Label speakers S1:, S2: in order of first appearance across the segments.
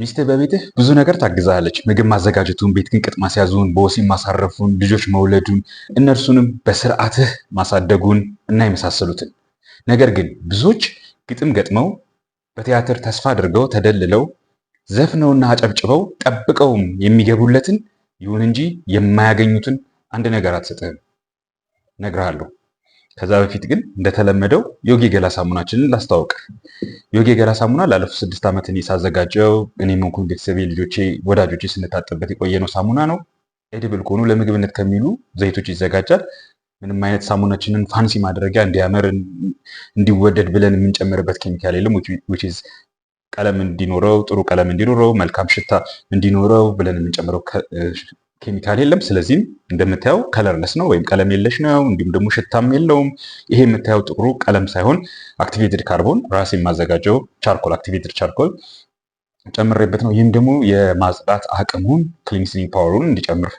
S1: ሚስትህ በቤትህ ብዙ ነገር ታግዛለች። ምግብ ማዘጋጀቱን፣ ቤት ግን ቅጥ ማስያዙን፣ በወሲብ ማሳረፉን፣ ልጆች መውለዱን፣ እነርሱንም በስርዓትህ ማሳደጉን እና የመሳሰሉትን። ነገር ግን ብዙዎች ግጥም ገጥመው በቲያትር ተስፋ አድርገው ተደልለው ዘፍነውና አጨብጭበው ጠብቀውም የሚገቡለትን ይሁን እንጂ የማያገኙትን አንድ ነገር አትሰጥህም። እነግርሃለሁ ከዛ በፊት ግን እንደተለመደው ዮጊ ገላ ሳሙናችንን ላስተዋውቅ። ዮጊ ገላ ሳሙና ላለፉት ስድስት ዓመት እኔ ሳዘጋጀው እኔም ሆንኩኝ ቤተሰቤ፣ ልጆቼ፣ ወዳጆቼ ስንታጠብበት የቆየነው ሳሙና ነው። ኤድብል ከሆኑ ለምግብነት ከሚሉ ዘይቶች ይዘጋጃል። ምንም አይነት ሳሙናችንን ፋንሲ ማድረጊያ እንዲያምር እንዲወደድ ብለን የምንጨምርበት ኬሚካል የለም። ቀለም እንዲኖረው ጥሩ ቀለም እንዲኖረው መልካም ሽታ እንዲኖረው ብለን የምንጨምረው ኬሚካል የለም። ስለዚህም እንደምታየው ከለርለስ ነው ወይም ቀለም የለሽ ነው። እንዲሁም ደግሞ ሽታም የለውም። ይሄ የምታየው ጥቁሩ ቀለም ሳይሆን አክቲቬትድ ካርቦን ራሴ የማዘጋጀው ቻርኮል አክቲቬትድ ቻርኮል ጨምሬበት ነው። ይህም ደግሞ የማጽዳት አቅሙን ክሊንሲንግ ፓወሩን እንዲጨምር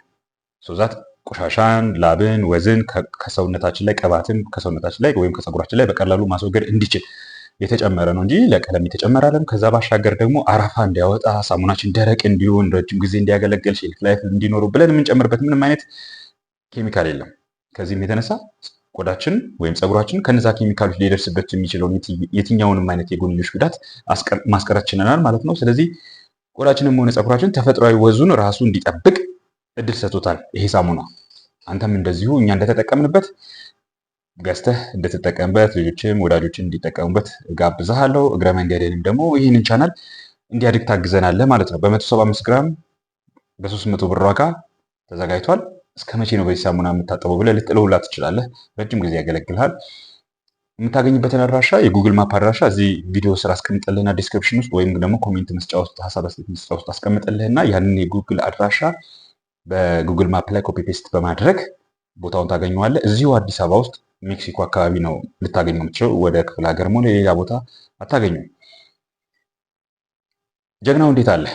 S1: ሶዛት ቆሻሻን፣ ላብን፣ ወዝን ከሰውነታችን ላይ፣ ቅባትን ከሰውነታችን ላይ ወይም ከፀጉራችን ላይ በቀላሉ ማስወገድ እንዲችል የተጨመረ ነው እንጂ ለቀለም የተጨመረ አለም። ከዛ ባሻገር ደግሞ አረፋ እንዲያወጣ ሳሙናችን ደረቅ እንዲሆን ረጅም ጊዜ እንዲያገለግል ሼልፍ ላይፍ እንዲኖሩ ብለን የምንጨምርበት ምንም አይነት ኬሚካል የለም። ከዚህም የተነሳ ቆዳችን ወይም ፀጉራችን ከነዛ ኬሚካሎች ሊደርስበት የሚችለውን የትኛውንም አይነት የጎንዮሽ ጉዳት ማስቀረት ማለት ነው። ስለዚህ ቆዳችንም ሆነ ፀጉራችን ተፈጥሯዊ ወዙን ራሱ እንዲጠብቅ እድል ሰጥቶታል ይሄ ሳሙና። አንተም እንደዚሁ እኛ እንደተጠቀምንበት ገዝተህ እንድትጠቀምበት ልጆችም ወዳጆችን እንዲጠቀሙበት ጋብዝሃለሁ። እግረ መንገድንም ደግሞ ይህንን ቻናል እንዲያድግ ታግዘናለህ ማለት ነው። በመቶ ሰባ አምስት ግራም በሶስት መቶ ብር ዋጋ ተዘጋጅቷል። እስከ መቼ ነው በዚህ ሳሙና የምታጠበው ብለህ ልጥለውላ ትችላለህ። ረጅም ጊዜ ያገለግልሃል። የምታገኝበትን አድራሻ የጉግል ማፕ አድራሻ እዚህ ቪዲዮ ስር አስቀምጠልህና ዲስክሪፕሽን ውስጥ ወይም ደግሞ ኮሜንት መስጫ ውስጥ ሀሳብ መስጫ ውስጥ አስቀምጠልህና ያንን የጉግል አድራሻ በጉግል ማፕ ላይ ኮፒ ፔስት በማድረግ ቦታውን ታገኘዋለህ። እዚሁ አዲስ አበባ ውስጥ ሜክሲኮ አካባቢ ነው ልታገኙ የምትችለው። ወደ ክፍለ ሀገር ሆነ ሌላ ቦታ አታገኙ። ጀግናው እንዴት አለ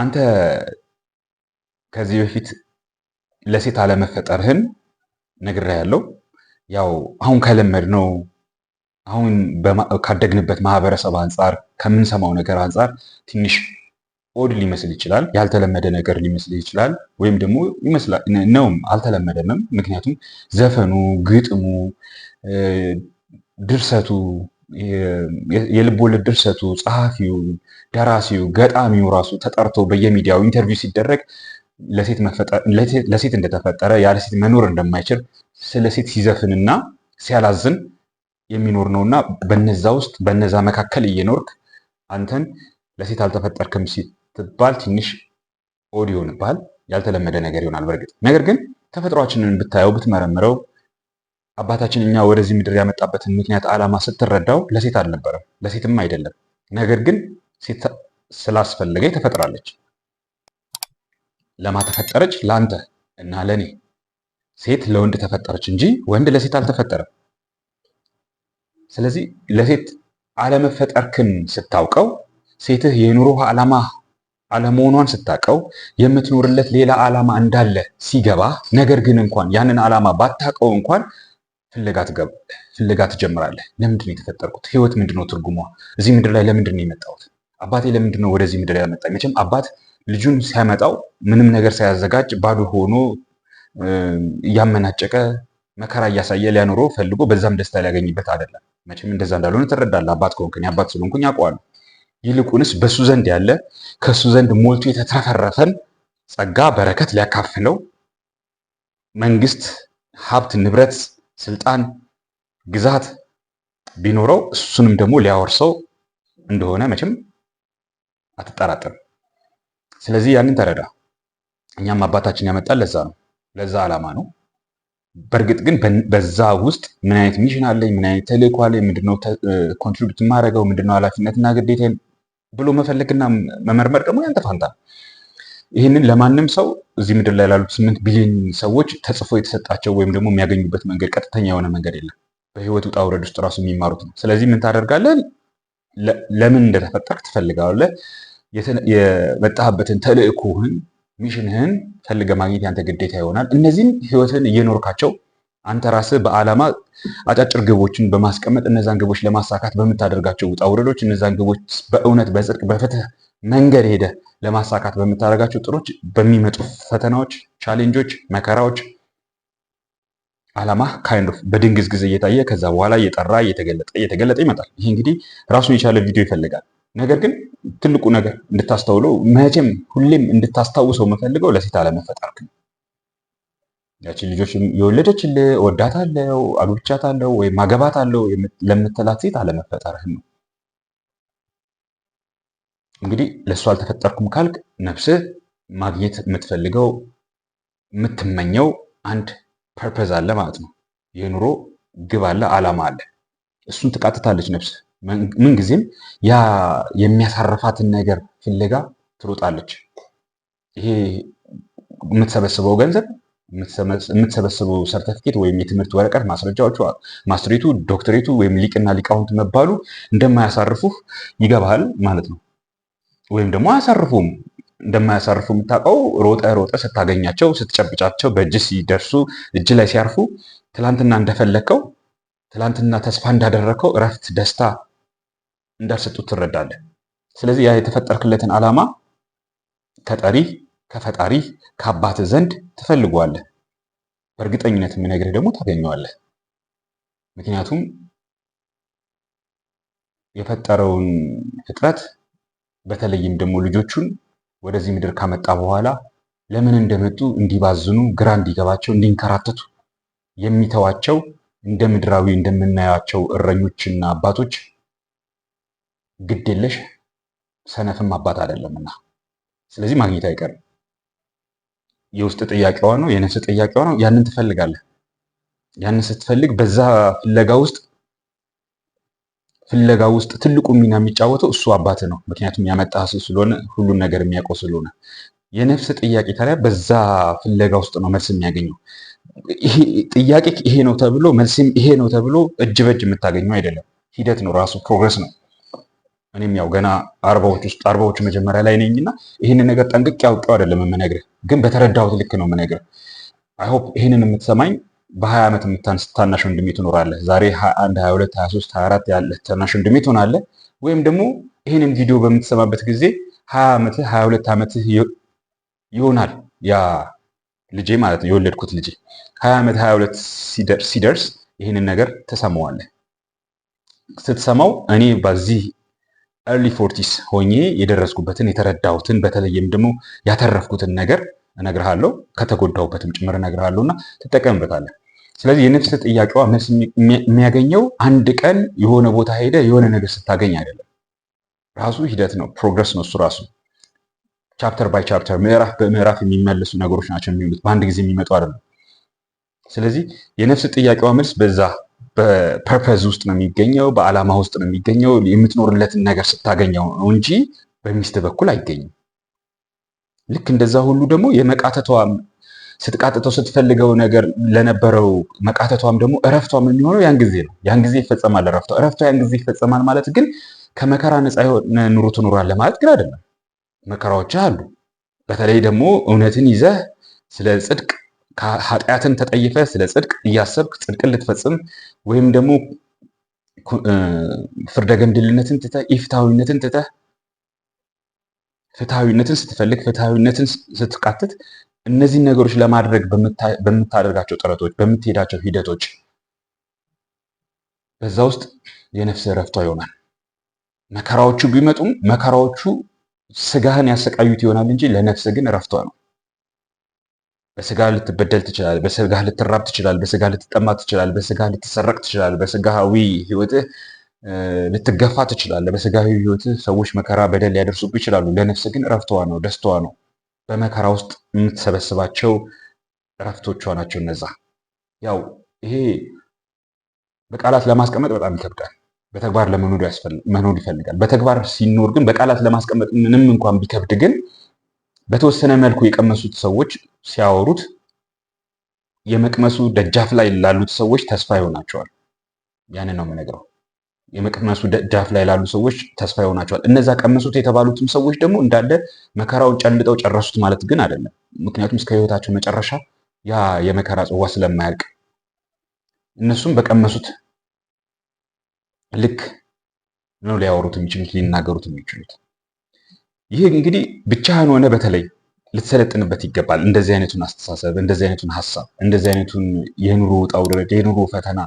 S1: አንተ ከዚህ በፊት ለሴት አለመፈጠርህን ያለው ያው አሁን ከለመድ ነው አሁን ካደግንበት ማህበረሰብ አንጻር ከምንሰማው ነገር አንጻር ትንሽ ኦድ ሊመስል ይችላል። ያልተለመደ ነገር ሊመስል ይችላል። ወይም ደግሞ ይመስላል ነውም አልተለመደምም። ምክንያቱም ዘፈኑ፣ ግጥሙ፣ ድርሰቱ፣ የልቦለድ ድርሰቱ፣ ጸሐፊው፣ ደራሲው፣ ገጣሚው ራሱ ተጠርቶ በየሚዲያው ኢንተርቪው ሲደረግ ለሴት እንደተፈጠረ ያለ ሴት መኖር እንደማይችል ስለ ሴት ሲዘፍንና ሲያላዝን የሚኖር ነውእና በነዛ ውስጥ በነዛ መካከል እየኖርክ አንተን ለሴት አልተፈጠርክም ሲል ትባል ትንሽ ኦዲዮ ንባል ያልተለመደ ነገር ይሆናል በእርግጥ ነገር ግን ተፈጥሯችንን ብታየው ብትመረምረው አባታችን እኛ ወደዚህ ምድር ያመጣበትን ምክንያት ዓላማ ስትረዳው ለሴት አልነበረም፣ ለሴትም አይደለም። ነገር ግን ሴት ስላስፈለገ ተፈጥራለች። ለማ ተፈጠረች? ለአንተ እና ለእኔ። ሴት ለወንድ ተፈጠረች እንጂ ወንድ ለሴት አልተፈጠረም። ስለዚህ ለሴት አለመፈጠርክን ስታውቀው ሴትህ የኑሮ ዓላማ አለመሆኗን ስታቀው የምትኖርለት ሌላ ዓላማ እንዳለ ሲገባ፣ ነገር ግን እንኳን ያንን ዓላማ ባታቀው እንኳን ፍለጋ ትጀምራለህ። ለምንድን ነው የተፈጠርኩት? ህይወት ምንድነው ትርጉሟ? እዚህ ምድር ላይ ለምንድን ነው የመጣሁት? አባቴ ለምንድን ነው ወደዚህ ምድር ላይ ያመጣኝ? መቼም አባት ልጁን ሲያመጣው ምንም ነገር ሳያዘጋጅ ባዶ ሆኖ እያመናጨቀ መከራ እያሳየ ሊያኖረው ፈልጎ በዛም ደስታ ሊያገኝበት አይደለም። መቼም እንደዛ እንዳልሆነ ትረዳለህ። አባት ከሆንኩኝ አባት ስለሆንኩኝ አውቀዋለሁ። ይልቁንስ በሱ ዘንድ ያለ ከሱ ዘንድ ሞልቶ የተትረፈረፈን ጸጋ በረከት ሊያካፍለው መንግስት፣ ሀብት፣ ንብረት፣ ስልጣን፣ ግዛት ቢኖረው እሱንም ደግሞ ሊያወርሰው እንደሆነ መቼም አትጠራጠርም። ስለዚህ ያንን ተረዳ። እኛም አባታችን ያመጣል ለዛ ነው፣ ለዛ ዓላማ ነው። በእርግጥ ግን በዛ ውስጥ ምን አይነት ሚሽን አለኝ፣ ምን አይነት ተልእኮ አለኝ፣ ምንድነው ኮንትሪቢዩት የማደርገው፣ ምንድነው ኃላፊነትና ግዴታ ብሎ መፈለግና መመርመር ደግሞ ያንተ ፋንታ። ይህንን ለማንም ሰው እዚህ ምድር ላይ ላሉት ስምንት ቢሊዮን ሰዎች ተጽፎ የተሰጣቸው ወይም ደግሞ የሚያገኙበት መንገድ ቀጥተኛ የሆነ መንገድ የለም። በህይወት ውጣ ውረድ ውስጥ እራሱ የሚማሩት ነው። ስለዚህ ምን ታደርጋለህ? ለምን እንደተፈጠርክ ትፈልጋለህ። የመጣህበትን ተልእኮህን፣ ሚሽንህን ፈልገ ማግኘት ያንተ ግዴታ ይሆናል። እነዚህም ህይወትን እየኖርካቸው አንተ ራስህ በዓላማ አጫጭር ግቦችን በማስቀመጥ እነዛን ግቦች ለማሳካት በምታደርጋቸው ውጣ ውረዶች እነዛን ግቦች በእውነት በጽድቅ በፍትህ መንገድ ሄደ ለማሳካት በምታደርጋቸው ጥሮች በሚመጡ ፈተናዎች፣ ቻሌንጆች፣ መከራዎች ዓላማ ካይንድ ኦፍ በድንግዝ ጊዜ እየታየ ከዛ በኋላ እየጠራ እየተገለጠ እየተገለጠ ይመጣል። ይህ እንግዲህ ራሱን የቻለ ቪዲዮ ይፈልጋል። ነገር ግን ትልቁ ነገር እንድታስተውለው መቼም ሁሌም እንድታስታውሰው የምፈልገው ለሴት አለመፈጠርክ ነው። ያችን ልጆች የወለደችልህ ወዳታለሁ፣ አግብቻታለሁ ወይም አገባታለሁ ለምትላት ሴት አለመፈጠርህን ነው። እንግዲህ ለእሱ አልተፈጠርኩም ካልክ ነፍስህ ማግኘት የምትፈልገው የምትመኘው አንድ ፐርፐዝ አለ ማለት ነው። የኑሮ ግብ አለ፣ አላማ አለ። እሱን ትቃትታለች ምን ምንጊዜም ያ የሚያሳርፋትን ነገር ፍለጋ ትሮጣለች። ይሄ የምትሰበስበው ገንዘብ የምትሰበስበው ሰርተፊኬት ወይም የትምህርት ወረቀት ማስረጃዎቹ፣ ማስትሬቱ፣ ዶክትሬቱ ወይም ሊቅና ሊቃውንት መባሉ እንደማያሳርፉህ ይገባሃል ማለት ነው። ወይም ደግሞ አያሳርፉም። እንደማያሳርፉ የምታውቀው ሮጠ ሮጠ ስታገኛቸው፣ ስትጨብጫቸው፣ በእጅ ሲደርሱ፣ እጅ ላይ ሲያርፉ፣ ትላንትና እንደፈለግከው፣ ትላንትና ተስፋ እንዳደረግከው እረፍት፣ ደስታ እንዳልሰጡት ትረዳለህ። ስለዚህ ያ የተፈጠርክለትን ዓላማ ከጠሪህ ከፈጣሪ ከአባት ዘንድ ትፈልገዋለህ። በእርግጠኝነት የምነግርህ ደግሞ ታገኘዋለህ። ምክንያቱም የፈጠረውን ፍጥረት በተለይም ደግሞ ልጆቹን ወደዚህ ምድር ካመጣ በኋላ ለምን እንደመጡ እንዲባዝኑ፣ ግራ እንዲገባቸው፣ እንዲንከራተቱ የሚተዋቸው እንደ ምድራዊ እንደምናያቸው እረኞችና አባቶች ግድ የለሽ ሰነፍም አባት አይደለምና፣ ስለዚህ ማግኘት አይቀርም። የውስጥ ጥያቄዋ ነው፣ የነፍስ ጥያቄዋ ነው። ያንን ትፈልጋለህ። ያንን ስትፈልግ በዛ ፍለጋ ውስጥ ፍለጋ ውስጥ ትልቁ ሚና የሚጫወተው እሱ አባት ነው። ምክንያቱም ያመጣ ስለሆነ ሁሉን ነገር የሚያውቀው ስለሆነ የነፍስ ጥያቄ ታዲያ በዛ ፍለጋ ውስጥ ነው መልስ የሚያገኘው። ጥያቄ ይሄ ነው ተብሎ መልስም ይሄ ነው ተብሎ እጅ በእጅ የምታገኘው አይደለም። ሂደት ነው ራሱ ፕሮግረስ ነው። እኔም ያው ገና አርባዎች ውስጥ አርባዎቹ መጀመሪያ ላይ ነኝና እና ይህንን ነገር ጠንቅቄ አውቄው አይደለም የምነግርህ፣ ግን በተረዳሁት ልክ ነው የምነግርህ። አይሆፕ ይህንን የምትሰማኝ በሀያ ዓመት ታናሽ ወንድሜ ትኖራለህ። ዛሬ ሀያ አንድ ሀያ ሁለት ሀያ ታናሽ ወንድሜ ትሆናለህ። ወይም ደግሞ ይህንን ቪዲዮ በምትሰማበት ጊዜ 20 ዓመትህ 22 ሁለት ዓመትህ ይሆናል። ያ ልጄ ማለት ነው የወለድኩት ልጄ 20 ዓመት 22 ሲደርስ ይህንን ነገር ትሰማዋለህ። ስትሰማው እኔ በዚህ ኤርሊ ፎርቲስ ሆኜ የደረስኩበትን የተረዳሁትን በተለይም ደግሞ ያተረፍኩትን ነገር እነግርሃለሁ፣ ከተጎዳሁበትም ጭምር እነግርሃለሁ እና ትጠቀምበታለህ። ስለዚህ የነፍስ ጥያቄዋ መልስ የሚያገኘው አንድ ቀን የሆነ ቦታ ሄደ የሆነ ነገር ስታገኝ አይደለም። ራሱ ሂደት ነው፣ ፕሮግረስ ነው እሱ ራሱ። ቻፕተር ባይ ቻፕተር፣ ምዕራፍ በምዕራፍ የሚመለሱ ነገሮች ናቸው የሚሉት፣ በአንድ ጊዜ የሚመጡ አይደለም። ስለዚህ የነፍስ ጥያቄዋ መልስ በዛ በፐርፐዝ ውስጥ ነው የሚገኘው፣ በዓላማ ውስጥ ነው የሚገኘው። የምትኖርለትን ነገር ስታገኘው ነው እንጂ በሚስት በኩል አይገኝም። ልክ እንደዛ ሁሉ ደግሞ የመቃተቷም ስትቃጥተው ስትፈልገው ነገር ለነበረው መቃተቷም ደግሞ እረፍቷም የሚሆነው ያን ጊዜ ነው። ያን ጊዜ ይፈጸማል እረፍቷ። እረፍቷ ያን ጊዜ ይፈጸማል ማለት ግን ከመከራ ነፃ የሆነ ኑሮ ትኖራለህ ማለት ግን አይደለም። መከራዎች አሉ። በተለይ ደግሞ እውነትን ይዘህ ስለ ጽድቅ ኃጢአትን ተጠይፈ ስለ ጽድቅ እያሰብክ ጽድቅን ልትፈጽም ወይም ደግሞ ፍርደ ገምድልነትን ትተህ ኢፍትሐዊነትን ትተህ ፍትሐዊነትን ስትፈልግ ፍትሐዊነትን ስትቃትት እነዚህን ነገሮች ለማድረግ በምታደርጋቸው ጥረቶች፣ በምትሄዳቸው ሂደቶች በዛ ውስጥ የነፍስ እረፍቷ ይሆናል። መከራዎቹ ቢመጡም መከራዎቹ ስጋህን ያሰቃዩት ይሆናል እንጂ ለነፍስ ግን ረፍቷ ነው። በስጋ ልትበደል ትችላል። በስጋ ልትራብ ትችላል። በስጋ ልትጠማ ትችላል። በስጋ ልትሰረቅ ትችላል። በስጋዊ ህይወትህ ልትገፋ ትችላል። በስጋዊ ህይወትህ ሰዎች መከራ፣ በደል ሊያደርሱብህ ይችላሉ። ለነፍስ ግን እረፍትዋ ነው፣ ደስታዋ ነው። በመከራ ውስጥ የምትሰበስባቸው እረፍቶቿ ናቸው። እነዛ ያው ይሄ በቃላት ለማስቀመጥ በጣም ይከብዳል። በተግባር ለመኖር ይፈልጋል። በተግባር ሲኖር ግን በቃላት ለማስቀመጥ ምንም እንኳን ቢከብድ ግን በተወሰነ መልኩ የቀመሱት ሰዎች ሲያወሩት የመቅመሱ ደጃፍ ላይ ላሉት ሰዎች ተስፋ ይሆናቸዋል። ያንን ነው የምነግረው። የመቅመሱ ደጃፍ ላይ ላሉ ሰዎች ተስፋ ይሆናቸዋል። እነዛ ቀመሱት የተባሉትም ሰዎች ደግሞ እንዳለ መከራውን ጨልጠው ጨረሱት ማለት ግን አይደለም። ምክንያቱም እስከ ሕይወታቸው መጨረሻ ያ የመከራ ጽዋ ስለማያልቅ እነሱም በቀመሱት ልክ ነው ሊያወሩት የሚችሉት ሊናገሩት የሚችሉት። ይህ እንግዲህ ብቻህን ሆነ በተለይ ልትሰለጥንበት ይገባል። እንደዚህ አይነቱን አስተሳሰብ፣ እንደዚህ አይነቱን ሀሳብ፣ እንደዚህ አይነቱን የኑሮ ውጣ ውረድ፣ የኑሮ ፈተና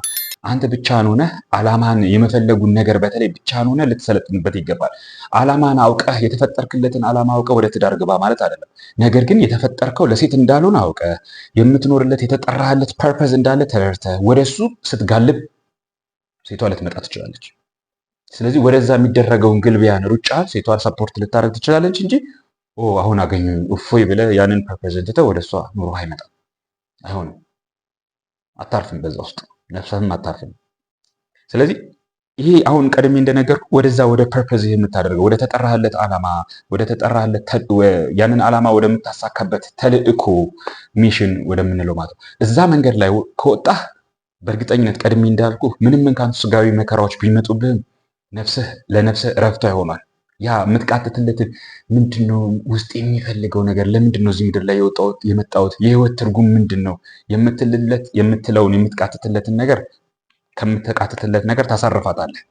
S1: አንተ ብቻህን ሆነ አላማን የመፈለጉን ነገር በተለይ ብቻህን ሆነ ልትሰለጥንበት ይገባል። አላማን አውቀህ የተፈጠርክለትን አላማ አውቀህ ወደ ትዳር ግባ ማለት አይደለም። ነገር ግን የተፈጠርከው ለሴት እንዳልሆነ አውቀህ የምትኖርለት የተጠራህለት ፐርፐዝ እንዳለ ተረድተህ ወደ እሱ ስትጋልብ ሴቷ ልትመጣ ትችላለች። ስለዚህ ወደዛ የሚደረገውን ግልቢያን ሩጫ ሴቷን ሰፖርት ልታደረግ ትችላለች እንጂ አሁን አገኙ እፎይ ብለ ያንን ፐርፕዘንትተ ወደ እሷ ኑሮ አይመጣም፣ አይሆንም፣ አታርፍም፣ በዛ ውስጥ ነፍሳትም አታርፍም። ስለዚህ ይሄ አሁን ቀድሜ እንደነገርኩ ወደዛ ወደ ፐርፐዝ የምታደርገው ወደ ተጠራህለት ዓላማ ወደ ተጠራህለት ያንን ዓላማ ወደምታሳካበት ተልእኮ ሚሽን ወደምንለው ማለት ነው። እዛ መንገድ ላይ ከወጣህ በእርግጠኝነት ቀድሜ እንዳልኩ ምንም እንኳን ስጋዊ መከራዎች ቢመጡብህም ነፍስህ ለነፍስህ እረፍቷ ይሆኗል። ያ የምትቃትትለትን ምንድን ነው ውስጥ የሚፈልገው ነገር ለምንድን ነው እዚህ ምድር ላይ የመጣሁት የህይወት ትርጉም ምንድን ነው የምትልለት የምትለውን የምትቃትትለትን ነገር ከምትቃትትለት ነገር ታሳርፋታለህ።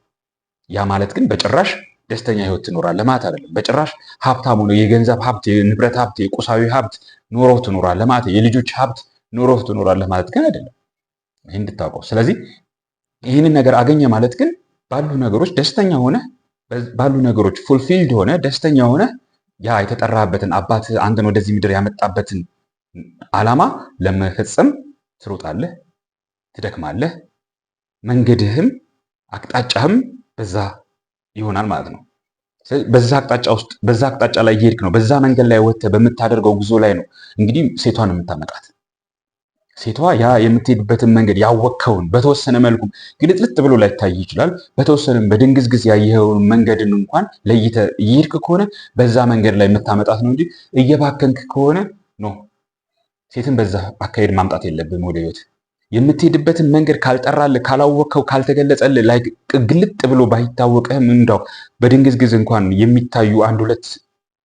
S1: ያ ማለት ግን በጭራሽ ደስተኛ ህይወት ትኖራለህ ማለት አይደለም። በጭራሽ ሀብታም ሆነ የገንዘብ ሀብት፣ የንብረት ሀብት፣ የቁሳዊ ሀብት ኖረው ትኖራለህ ማለት የልጆች ሀብት ኖሮ ትኖራለህ ማለት ግን አይደለም። ይህ እንድታውቀው። ስለዚህ ይህንን ነገር አገኘ ማለት ግን ባሉ ነገሮች ደስተኛ ሆነ ባሉ ነገሮች ፉልፊልድ ሆነ ደስተኛ ሆነ ያ የተጠራበትን አባት አንተን ወደዚህ ምድር ያመጣበትን ዓላማ ለመፈጸም ትሮጣለህ፣ ትደክማለህ። መንገድህም አቅጣጫህም በዛ ይሆናል ማለት ነው። በዛ አቅጣጫ ውስጥ በዛ አቅጣጫ ላይ እየሄድክ ነው። በዛ መንገድ ላይ ወጥተህ በምታደርገው ጉዞ ላይ ነው እንግዲህ ሴቷን የምታመጣት። ሴቷ ያ የምትሄድበትን መንገድ ያወቅከውን በተወሰነ መልኩ ግልጥልጥ ብሎ ላይታይ ይችላል። በተወሰነም በድንግዝግዝ ያየኸውን መንገድን እንኳን ለይተ እየሄድክ ከሆነ በዛ መንገድ ላይ የምታመጣት ነው እንጂ እየባከንክ ከሆነ ኖ ሴትን በዛ አካሄድ ማምጣት የለብም ወደ ህይወት። የምትሄድበትን መንገድ ካልጠራል ካላወቅከው፣ ካልተገለጸል ላይ ግልጥ ብሎ ባይታወቅህም እንዳው በድንግዝግዝ እንኳን የሚታዩ አንድ ሁለት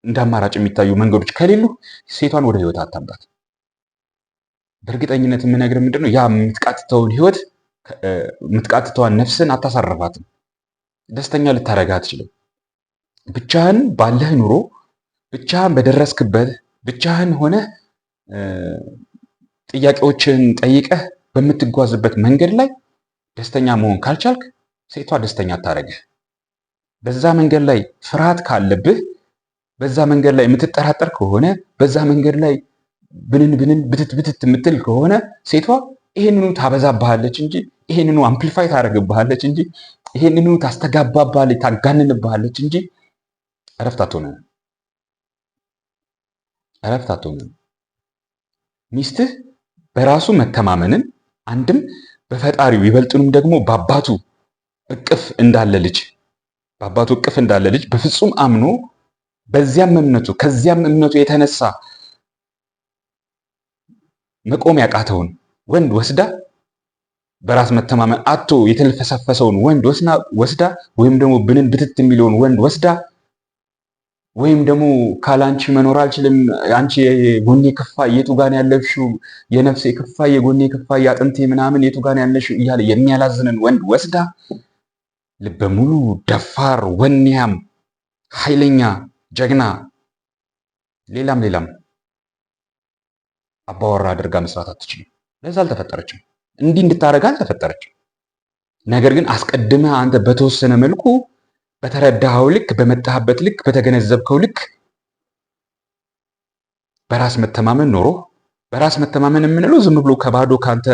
S1: እንደ አማራጭ የሚታዩ መንገዶች ከሌሉ ሴቷን ወደ ህይወት አታምጣት። በእርግጠኝነት የምነግር ምንድን ነው ያ የምትቃትተውን ህይወት የምትቃትተዋን ነፍስን አታሳርፋትም። ደስተኛ ልታደረግ አትችልም። ብቻህን ባለህ ኑሮ ብቻህን በደረስክበት ብቻህን ሆነ ጥያቄዎችን ጠይቀህ በምትጓዝበት መንገድ ላይ ደስተኛ መሆን ካልቻልክ ሴቷ ደስተኛ አታደርግህ። በዛ መንገድ ላይ ፍርሃት ካለብህ፣ በዛ መንገድ ላይ የምትጠራጠር ከሆነ፣ በዛ መንገድ ላይ ብንን ብንን ብትት ብትት የምትል ከሆነ ሴቷ ይሄንኑ ታበዛብሃለች እንጂ ይሄንኑ አምፕሊፋይ ታደርግብሃለች እንጂ ይሄንኑ ታስተጋባባለች፣ ታጋንንብሃለች እንጂ እረፍት አትሆንም። እረፍት አትሆንም። ሚስትህ በራሱ መተማመንን አንድም በፈጣሪው ይበልጥንም ደግሞ በአባቱ እቅፍ እንዳለ ልጅ በአባቱ እቅፍ እንዳለ ልጅ በፍጹም አምኖ በዚያም እምነቱ ከዚያም እምነቱ የተነሳ መቆም ያቃተውን ወንድ ወስዳ በራስ መተማመን አቶ የተልፈሰፈሰውን ወንድ ወስዳ ወይም ደግሞ ብንን ብትት የሚለውን ወንድ ወስዳ ወይም ደግሞ ካላንቺ መኖር አልችልም፣ አንቺ የጎኔ ክፋይ የቱጋን ያለሽው፣ የነፍሴ ክፋይ፣ የጎኔ ክፋይ፣ የአጥንቴ ምናምን የቱጋን ጋር ያለሽው እያለ የሚያላዝንን ወንድ ወስዳ ልበሙሉ ደፋር፣ ወኔያም፣ ኃይለኛ፣ ጀግና ሌላም ሌላም አባወራ አድርጋ መስራት አትችልም። ለዛ አልተፈጠረችም። እንዲህ እንድታደርግ አልተፈጠረችም። ነገር ግን አስቀድመህ አንተ በተወሰነ መልኩ በተረዳኸው ልክ፣ በመጣህበት ልክ፣ በተገነዘብከው ልክ በራስ መተማመን ኖሮ በራስ መተማመን የምንለው ዝም ብሎ ከባዶ ከአንተ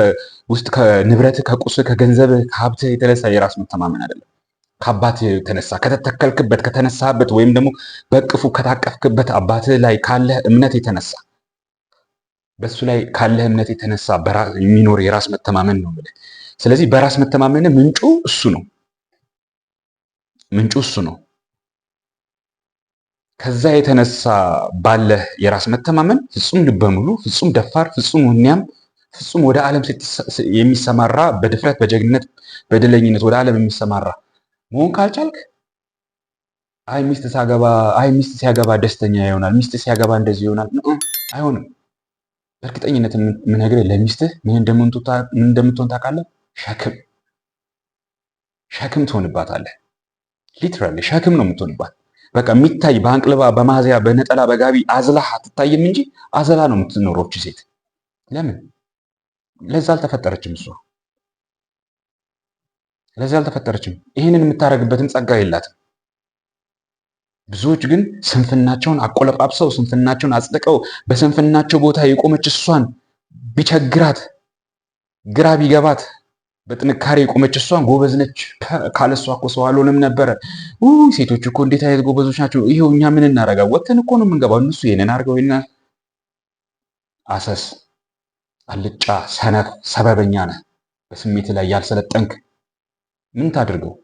S1: ውስጥ ከንብረት ከቁስ ከገንዘብ ከሀብት የተነሳ የራስ መተማመን አይደለም። ከአባት የተነሳ ከተተከልክበት ከተነሳበት ወይም ደግሞ በቅፉ ከታቀፍክበት አባት ላይ ካለህ እምነት የተነሳ በሱ ላይ ካለ እምነት የተነሳ የሚኖር የራስ መተማመን ነው። ስለዚህ በራስ መተማመን ምንጩ እሱ ነው። ምንጩ እሱ ነው። ከዛ የተነሳ ባለህ የራስ መተማመን ፍጹም ልበ ሙሉ፣ ፍጹም ደፋር፣ ፍጹም ውንያም፣ ፍጹም ወደ ዓለም የሚሰማራ በድፍረት በጀግንነት በድለኝነት ወደ ዓለም የሚሰማራ መሆን ካልቻልክ አይ ሚስት ሲያገባ ደስተኛ ይሆናል፣ ሚስት ሲያገባ እንደዚህ ይሆናል፣ አይሆንም። በእርግጠኝነት የምነግርህ ለሚስትህ ምን እንደምትሆን ታውቃለህ? ሸክም ሸክም ትሆንባታለህ። ሊትራሊ ሸክም ነው የምትሆንባት። በቃ የሚታይ በአንቅልባ በማዝያ በነጠላ በጋቢ አዝላ አትታይም እንጂ አዝላ ነው የምትኖሮች ሴት። ለምን ለዛ አልተፈጠረችም? እሷ ለዛ አልተፈጠረችም። ይህንን የምታደርግበትም ጸጋ የላትም። ብዙዎች ግን ስንፍናቸውን አቆለጳብሰው ስንፍናቸውን አጽድቀው በስንፍናቸው ቦታ የቆመች እሷን ቢቸግራት ግራ ቢገባት በጥንካሬ የቆመች እሷን ጎበዝ ነች ካለሷ እኮ ሰው አልሆንም ነበረ። ሴቶች እኮ እንዴት አይነት ጎበዞች ናቸው! ይሄው እኛ ምን እናረጋ ወተን እኮ ነው የምንገባው። እነሱ አርገው ይና አሰስ፣ አልጫ፣ ሰነፍ፣ ሰበበኛ ነህ። በስሜት ላይ ያልሰለጠንክ ምን ታድርገው።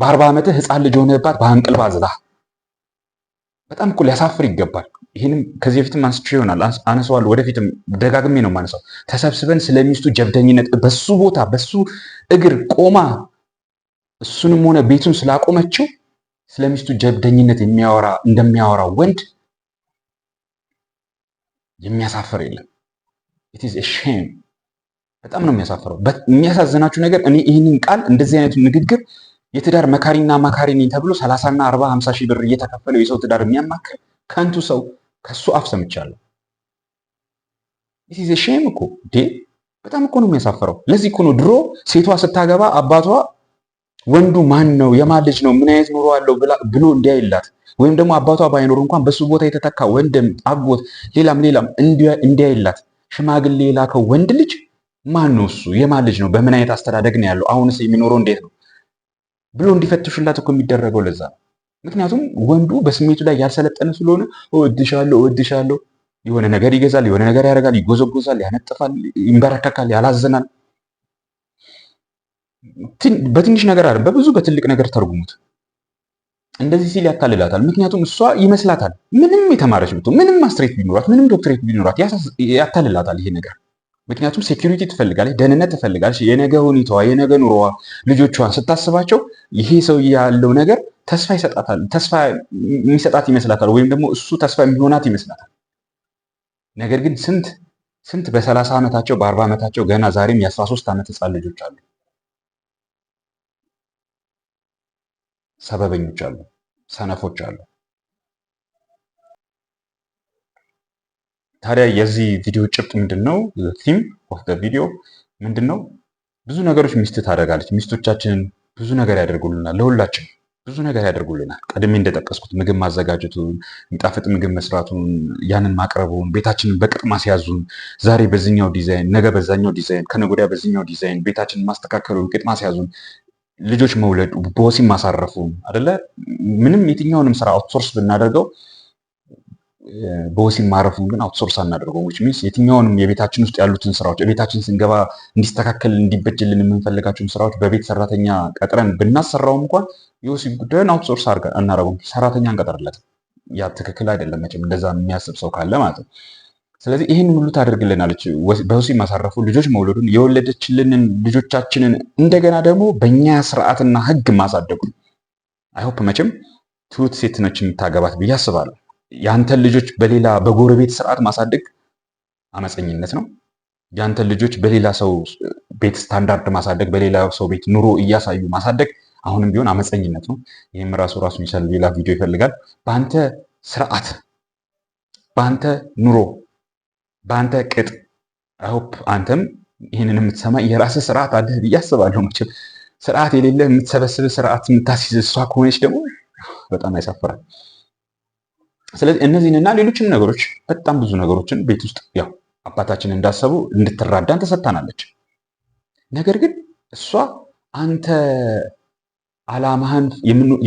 S1: በአርባ ዓመትህ ህፃን ልጅ የሆነባት በአንቅልባ ዝላ በጣም እኮ ሊያሳፍር ይገባል። ይህንም ከዚህ በፊትም አንስቼ ይሆናል አነሰዋለሁ፣ ወደፊትም ደጋግሜ ነው ማነሳው። ተሰብስበን ስለሚስቱ ጀብደኝነት በሱ ቦታ በሱ እግር ቆማ እሱንም ሆነ ቤቱን ስላቆመችው ስለሚስቱ ጀብደኝነት የሚያወራ እንደሚያወራ ወንድ የሚያሳፍር የለም። ኢት ኢዝ ኤ ሼም። በጣም ነው የሚያሳፍረው። የሚያሳዝናችሁ ነገር እኔ ይህንን ቃል እንደዚህ አይነቱ ንግግር የትዳር መካሪና መካሪ ነኝ ተብሎ ሰላሳና 40 50 ሺህ ብር እየተከፈለው የሰው ትዳር የሚያማክር ከንቱ ሰው ከሱ አፍ ሰምቻለሁ። ይህ ሼም እኮ ዴ በጣም እኮ ነው የሚያሳፈረው። ለዚህ እኮ ነው ድሮ ሴቷ ስታገባ አባቷ ወንዱ ማን ነው የማን ልጅ ነው ምን አይነት ኑሮ አለው ብሎ እንዲያይላት ወይም ደግሞ አባቷ ባይኖር እንኳን በሱ ቦታ የተተካ ወንድም፣ አጎት፣ ሌላም ሌላም እንዲያይላት ሽማግሌ የላከው ወንድ ልጅ ማን ነው እሱ የማን ልጅ ነው በምን አይነት አስተዳደግ ነው ያለው አሁንስ የሚኖረው እንዴት ነው ብሎ እንዲፈትሹላት እኮ የሚደረገው ለዛ ነው። ምክንያቱም ወንዱ በስሜቱ ላይ ያልሰለጠነ ስለሆነ እወድሻለሁ እወድሻለሁ የሆነ ነገር ይገዛል፣ የሆነ ነገር ያደርጋል፣ ይጎዘጎዛል፣ ያነጥፋል፣ ይንበረከካል፣ ያላዘናል። በትንሽ ነገር አይደለም፣ በብዙ በትልቅ ነገር ተርጉሙት። እንደዚህ ሲል ያታልላታል። ምክንያቱም እሷ ይመስላታል ምንም የተማረች ብትሆን ምንም ማስትሬት ቢኖራት ምንም ዶክትሬት ቢኖራት ያታልላታል ይሄ ነገር ምክንያቱም ሴኪሪቲ ትፈልጋለች፣ ደህንነት ትፈልጋለች። የነገ ሁኔታዋ፣ የነገ ኑሮዋ፣ ልጆቿን ስታስባቸው ይሄ ሰው ያለው ነገር ተስፋ ይሰጣታል፣ ተስፋ የሚሰጣት ይመስላታል፣ ወይም ደግሞ እሱ ተስፋ የሚሆናት ይመስላታል። ነገር ግን ስንት ስንት በሰላሳ ዓመታቸው በአርባ ዓመታቸው ገና ዛሬም የአስራ ሶስት ዓመት ህፃን ልጆች አሉ፣ ሰበበኞች አሉ፣ ሰነፎች አሉ። ታዲያ የዚህ ቪዲዮ ጭብጥ ምንድን ነው? ቲም ኦፍ ቪዲዮ ምንድን ነው? ብዙ ነገሮች ሚስት ታደርጋለች። ሚስቶቻችንን ብዙ ነገር ያደርጉልናል። ለሁላችን ብዙ ነገር ያደርጉልናል። ቀድሜ እንደጠቀስኩት ምግብ ማዘጋጀቱን፣ የሚጣፍጥ ምግብ መስራቱን፣ ያንን ማቅረቡን፣ ቤታችንን በቅጥ ማስያዙን፣ ዛሬ በዚኛው ዲዛይን፣ ነገ በዛኛው ዲዛይን፣ ከነገ በዚኛው ዲዛይን ቤታችንን ማስተካከሉን፣ ቅጥ ማስያዙን፣ ልጆች መውለዱ፣ በወሲብ ማሳረፉን አደለ ምንም የትኛውንም ስራ አውትሶርስ ብናደርገው በወሲብ ማረፉን ግን አውትሶርስ አናደርገው። ዊች ሚንስ የትኛውንም የቤታችን ውስጥ ያሉትን ስራዎች የቤታችን ስንገባ እንዲስተካከል እንዲበጅልን የምንፈልጋቸውን ስራዎች በቤት ሰራተኛ ቀጥረን ብናሰራውም እንኳን የወሲብ ጉዳዩን አውትሶርስ አናደርገው፣ ሰራተኛ እንቀጥርለት። ያ ትክክል አይደለም። መቼም እንደዛ የሚያስብ ሰው ካለ ማለት ነው። ስለዚህ ይህን ሁሉ ታደርግልናለች በወሲብ ማሳረፉ፣ ልጆች መውለዱን፣ የወለደችልንን ልጆቻችንን እንደገና ደግሞ በእኛ ስርዓትና ህግ ማሳደጉ አይሆፕ መቼም ትሁት ሴት ነች የምታገባት ብዬ አስባለሁ። የአንተን ልጆች በሌላ በጎረቤት ስርዓት ማሳደግ አመፀኝነት ነው። የአንተን ልጆች በሌላ ሰው ቤት ስታንዳርድ ማሳደግ፣ በሌላ ሰው ቤት ኑሮ እያሳዩ ማሳደግ አሁንም ቢሆን አመፀኝነት ነው። ይህም ራሱ ራሱ የሚቻል ሌላ ቪዲዮ ይፈልጋል። በአንተ ስርዓት፣ በአንተ ኑሮ፣ በአንተ ቅጥ አይሆፕ አንተም ይህንን የምትሰማ የራስ ስርዓት አለህ ብዬ አስባለሁ። መቼም ስርዓት የሌለ የምትሰበስብ ስርዓት የምታስይዝ እሷ ከሆነች ደግሞ በጣም ያሳፍራል። ስለዚህ እነዚህንና ሌሎችን ነገሮች በጣም ብዙ ነገሮችን ቤት ውስጥ ያው አባታችን እንዳሰቡ እንድትራዳን ተሰጥታናለች። ነገር ግን እሷ አንተ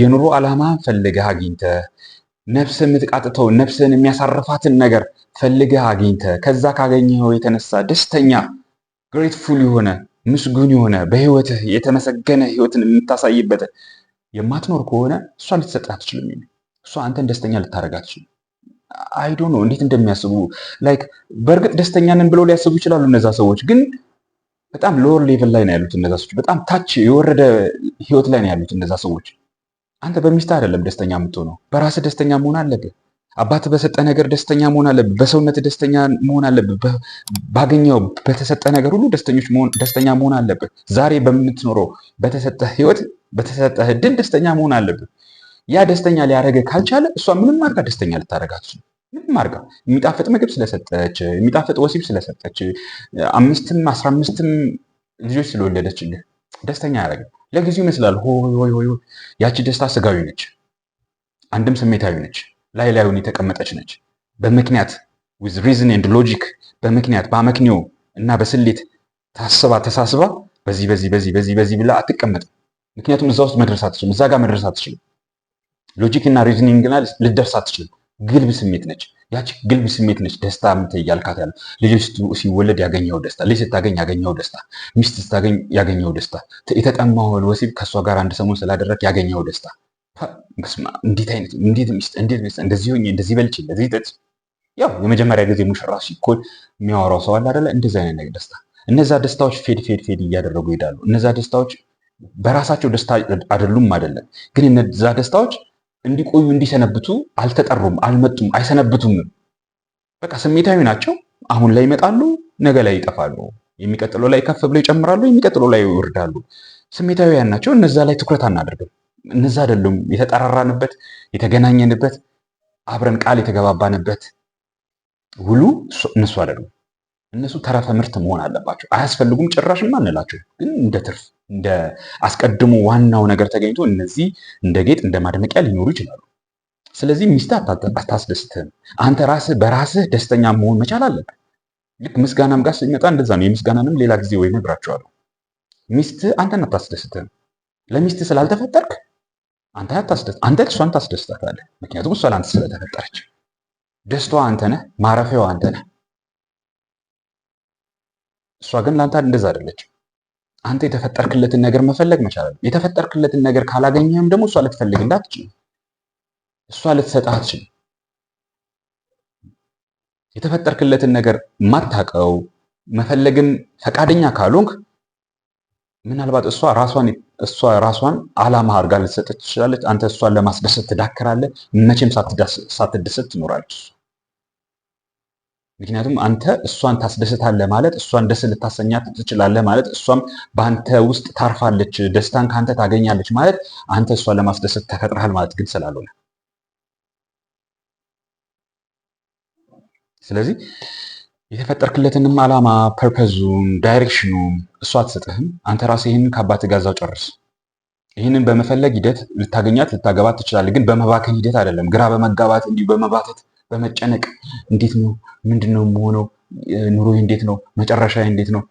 S1: የኑሮ አላማህን ፈልገህ አግኝተህ ነፍስ የምትቃጥተው ነፍስን የሚያሳርፋትን ነገር ፈልገህ አግኝተህ ከዛ ካገኘኸው የተነሳ ደስተኛ ግሬትፉል የሆነ ምስጉን የሆነ በህይወትህ የተመሰገነ ህይወትን የምታሳይበት የማትኖር ከሆነ እሷ ልትሰጥህ አትችልም። እሷ አንተን ደስተኛ ልታደርጋች አይዶ ነው እንዴት እንደሚያስቡ ላይክ በእርግጥ ደስተኛ ነን ብለው ሊያስቡ ይችላሉ እነዛ ሰዎች ግን በጣም ሎወር ሌቭል ላይ ነው ያሉት እነዛ ሰዎች በጣም ታች የወረደ ህይወት ላይ ነው ያሉት እነዛ ሰዎች አንተ በሚስት አይደለም ደስተኛ የምትሆነው በራስህ ደስተኛ መሆን አለብህ አባት በሰጠ ነገር ደስተኛ መሆን አለብህ በሰውነት ደስተኛ መሆን አለብህ ባገኘው በተሰጠ ነገር ሁሉ ደስተኞች ደስተኛ መሆን አለብህ ዛሬ በምትኖረው በተሰጠ ህይወት በተሰጠ እድል ደስተኛ መሆን አለብህ ያ ደስተኛ ሊያደረገ ካልቻለ እሷ ምንም አድርጋ ደስተኛ ልታደረጋት ምንም አድርጋ የሚጣፍጥ ምግብ ስለሰጠች፣ የሚጣፍጥ ወሲብ ስለሰጠች፣ አምስትም አስራ አምስትም ልጆች ስለወለደችልህ ደስተኛ ያደረገ ለጊዜው ይመስላል ሆይ ሆይ ሆይ። ያቺ ደስታ ስጋዊ ነች፣ አንድም ስሜታዊ ነች፣ ላይ ላዩን የተቀመጠች ነች። በምክንያት ዊዝ ሪዝን ኤንድ ሎጂክ በምክንያት በአመክንዮ እና በስሌት ታስባ ተሳስባ በዚህ በዚህ በዚህ በዚህ በዚህ ብላ አትቀመጥም። ምክንያቱም እዛ ውስጥ መድረስ አትችልም፣ እዛ ጋር መድረስ አትችልም። ሎጂክ እና ሪዝኒንግ ና ልደርስ አትችልም። ግልብ ስሜት ነች። ያቺ ግልብ ስሜት ነች ደስታ ምት ያልካት ያለ ልጅ ሲወለድ ያገኘው ደስታ፣ ልጅ ስታገኝ ያገኘው ደስታ፣ ሚስት ስታገኝ ያገኘው ደስታ፣ የተቀማውን ወሲብ ከእሷ ጋር አንድ ሰሞን ስላደረግ ያገኘው ደስታ እንዴት አይነት እንዴት ሚስት እንዴት ሚስት እንደዚህ ሆኜ እንደዚህ በልቼ እንደዚህ ጠጭ ያው የመጀመሪያ ጊዜ ሙሽራ ሲኮል የሚያወራው ሰው አለ አይደለ? እንደዚህ አይነት ነገር ደስታ። እነዛ ደስታዎች ፌድ ፌድ ፌድ እያደረጉ ይሄዳሉ። እነዛ ደስታዎች በራሳቸው ደስታ አይደሉም አይደለም፣ ግን እነዛ ደስታዎች እንዲቆዩ እንዲሰነብቱ አልተጠሩም፣ አልመጡም፣ አይሰነብቱም። በቃ ስሜታዊ ናቸው። አሁን ላይ ይመጣሉ፣ ነገ ላይ ይጠፋሉ፣ የሚቀጥለው ላይ ከፍ ብለው ይጨምራሉ፣ የሚቀጥለው ላይ ይወርዳሉ። ስሜታዊያን ናቸው። እነዛ ላይ ትኩረት አናደርግም። እነዛ አይደሉም የተጠራራንበት፣ የተገናኘንበት፣ አብረን ቃል የተገባባንበት ውሉ እነሱ አይደሉም። እነሱ ተረፈ ምርት መሆን አለባቸው። አያስፈልጉም ጭራሽም አንላቸው። ግን እንደ ትርፍ እንደ አስቀድሞ ዋናው ነገር ተገኝቶ እነዚህ እንደ ጌጥ እንደ ማድመቂያ ሊኖሩ ይችላሉ። ስለዚህ ሚስት አታስደስትህም። አንተ ራስህ በራስህ ደስተኛ መሆን መቻል አለብህ። ልክ ምስጋናም ጋር ሲመጣ እንደዛ ነው። የምስጋናንም ሌላ ጊዜ ወይ ነግራቸዋለሁ። ሚስት አንተን አታስደስትህም። ለሚስት ስላልተፈጠርክ አንተ አታስደስት አንተ እሷን ታስደስታታለህ። ምክንያቱም እሷ ለአንተ ስለተፈጠረች ደስታዋ አንተ ነህ፣ ማረፊያዋ አንተ ነህ። እሷ ግን ለአንተ እንደዛ አይደለችም። አንተ የተፈጠርክለትን ነገር መፈለግ መቻል አለ። የተፈጠርክለትን ነገር ካላገኘህም ደግሞ እሷ ልትፈልግልህ አትችልም። እሷ ልትሰጥህ አትችልም። የተፈጠርክለትን ነገር ማታቀው መፈለግን ፈቃደኛ ካልሆንክ ምናልባት እሷ ራሷን እሷ ራሷን አላማ አድርጋ ልትሰጥ ትችላለች። አንተ እሷን ለማስደሰት ትዳክራለህ። መቼም ሳትደሰት ትኖራለች። ምክንያቱም አንተ እሷን ታስደስታለህ ማለት እሷን ደስ ልታሰኛት ትችላለህ ማለት እሷም በአንተ ውስጥ ታርፋለች፣ ደስታን ከአንተ ታገኛለች ማለት አንተ እሷን ለማስደሰት ተፈጥረሃል ማለት ግን ስላልሆነ ስለዚህ የተፈጠርክለትንም ዓላማ ፐርፐዙን ዳይሬክሽኑን እሷ አትሰጥህም። አንተ ራስህ ይህንን ከአባት ጋዛው ጨርስ። ይህንን በመፈለግ ሂደት ልታገኛት ልታገባት ትችላለህ፣ ግን በመባከን ሂደት አይደለም። ግራ በመጋባት እንዲሁ በመባተት በመጨነቅ እንዴት ነው ምንድን ነው የምሆነው? ኑሮ እንዴት ነው? መጨረሻ እንዴት ነው?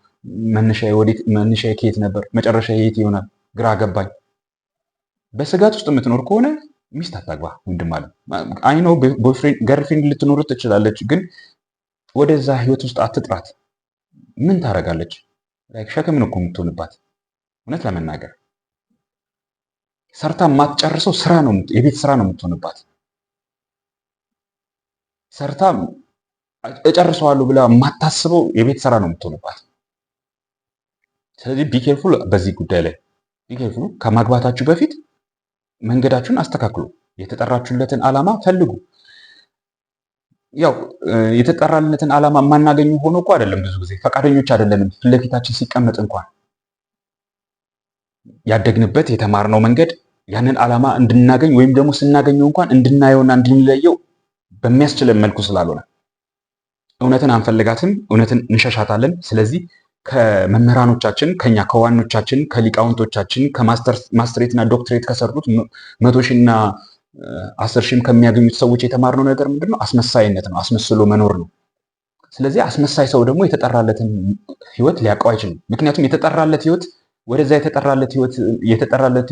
S1: መነሻ ከየት ነበር? መጨረሻ የት ይሆናል? ግራ ገባኝ። በስጋት ውስጥ የምትኖር ከሆነ ሚስት አታግባ ወንድም አለ። አይ ነው ልትኖር ትችላለች፣ ግን ወደዛ ህይወት ውስጥ አትጥራት። ምን ታደርጋለች? ሸክም እኮ የምትሆንባት። እውነት ለመናገር ሰርታ የማትጨርሰው ስራ ነው፣ የቤት ስራ ነው የምትሆንባት። ሰርታም እጨርሰዋለሁ ብላ የማታስበው የቤት ስራ ነው የምትሆንባት። ስለዚህ ቢኬርፉል በዚህ ጉዳይ ላይ ቢኬርፉል። ከማግባታችሁ በፊት መንገዳችሁን አስተካክሉ። የተጠራችሁለትን ዓላማ ፈልጉ። ያው የተጠራልነትን ዓላማ የማናገኙ ሆኖ እኮ አይደለም፣ ብዙ ጊዜ ፈቃደኞች አይደለንም። ፊት ለፊታችን ሲቀመጥ እንኳን ያደግንበት የተማርነው መንገድ ያንን ዓላማ እንድናገኝ ወይም ደግሞ ስናገኘው እንኳን እንድናየውና እንድንለየው በሚያስችለን መልኩ ስላልሆነ እውነትን አንፈልጋትም፣ እውነትን እንሸሻታለን። ስለዚህ ከመምህራኖቻችን ከኛ ከዋኖቻችን ከሊቃውንቶቻችን ከማስትሬትና ዶክትሬት ከሰሩት መቶ ሺና አስር ሺም ከሚያገኙት ሰዎች የተማርነው ነገር ምንድን ነው? አስመሳይነት ነው። አስመስሎ መኖር ነው። ስለዚህ አስመሳይ ሰው ደግሞ የተጠራለትን ህይወት ሊያውቀው አይችልም። ምክንያቱም የተጠራለት ህይወት ወደዛ የተጠራለት ህይወት የተጠራለት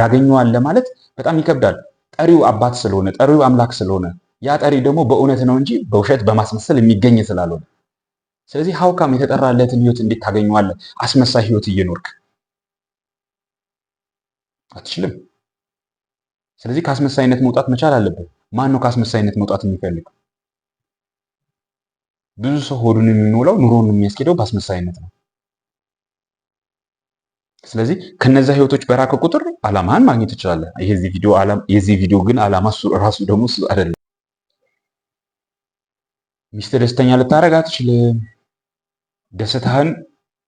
S1: ያገኘዋል ለማለት በጣም ይከብዳል። ጠሪው አባት ስለሆነ ጠሪው አምላክ ስለሆነ ያ ጠሪ ደግሞ በእውነት ነው እንጂ በውሸት በማስመሰል የሚገኝ ስላልሆነ፣ ስለዚህ ሀውካም የተጠራለትን ህይወት እንዴት ታገኘዋለ አስመሳይ ህይወት እየኖርክ አትችልም። ስለዚህ ከአስመሳይነት መውጣት መቻል አለብን። ማን ነው ከአስመሳይነት መውጣት የሚፈልግ? ብዙ ሰው ሆዱን የሚሞላው ኑሮን የሚያስኬደው በአስመሳይነት ነው። ስለዚህ ከነዛ ህይወቶች በራከ ቁጥር አላማህን ማግኘት ትችላለህ። የዚህ ቪዲዮ ግን አላማ ራሱ ደግሞ እሱ አይደለም። ሚስት ደስተኛ ልታደርግ አትችልም። ደስታህን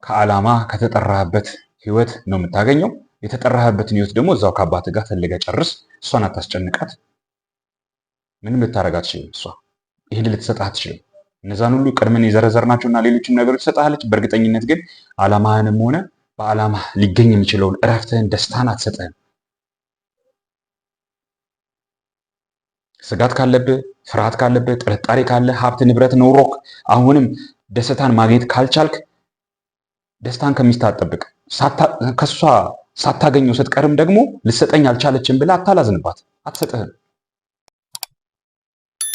S1: ከዓላማ ከተጠራህበት ህይወት ነው የምታገኘው። የተጠራህበትን ህይወት ደግሞ እዛው ከአባት ጋር ፈልገ ጨርስ። እሷን አታስጨንቃት። ምንም ልታደርግ አትችልም። እሷ ይህን ልትሰጥህ አትችልም። እነዛን ሁሉ ቀድመን ቅድምን እና ሌሎችን ነገሮች ትሰጣለች። በእርግጠኝነት ግን ዓላማህንም ሆነ በዓላማ ሊገኝ የሚችለውን እረፍትህን፣ ደስታን አትሰጥህም። ስጋት ካለብህ፣ ፍርሃት ካለብህ፣ ጥርጣሬ ካለ፣ ሀብት ንብረት ኖሮክ አሁንም ደስታን ማግኘት ካልቻልክ ደስታን ከሚስት አትጠብቅ። ከሷ ሳታገኘው ስትቀርም ደግሞ ልሰጠኝ አልቻለችም ብለህ አታላዝንባት። አትሰጥህም።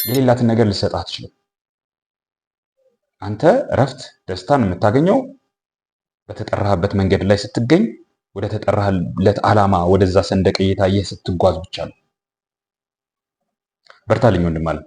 S1: የሌላትን ነገር ልሰጥህ አትችልም። አንተ እረፍት ደስታን የምታገኘው በተጠራህበት መንገድ ላይ ስትገኝ ወደ ተጠራህለት ዓላማ ወደዛ ሰንደቅ እየታየህ ስትጓዝ ብቻ ነው። በርታልኝ ወንድም አለ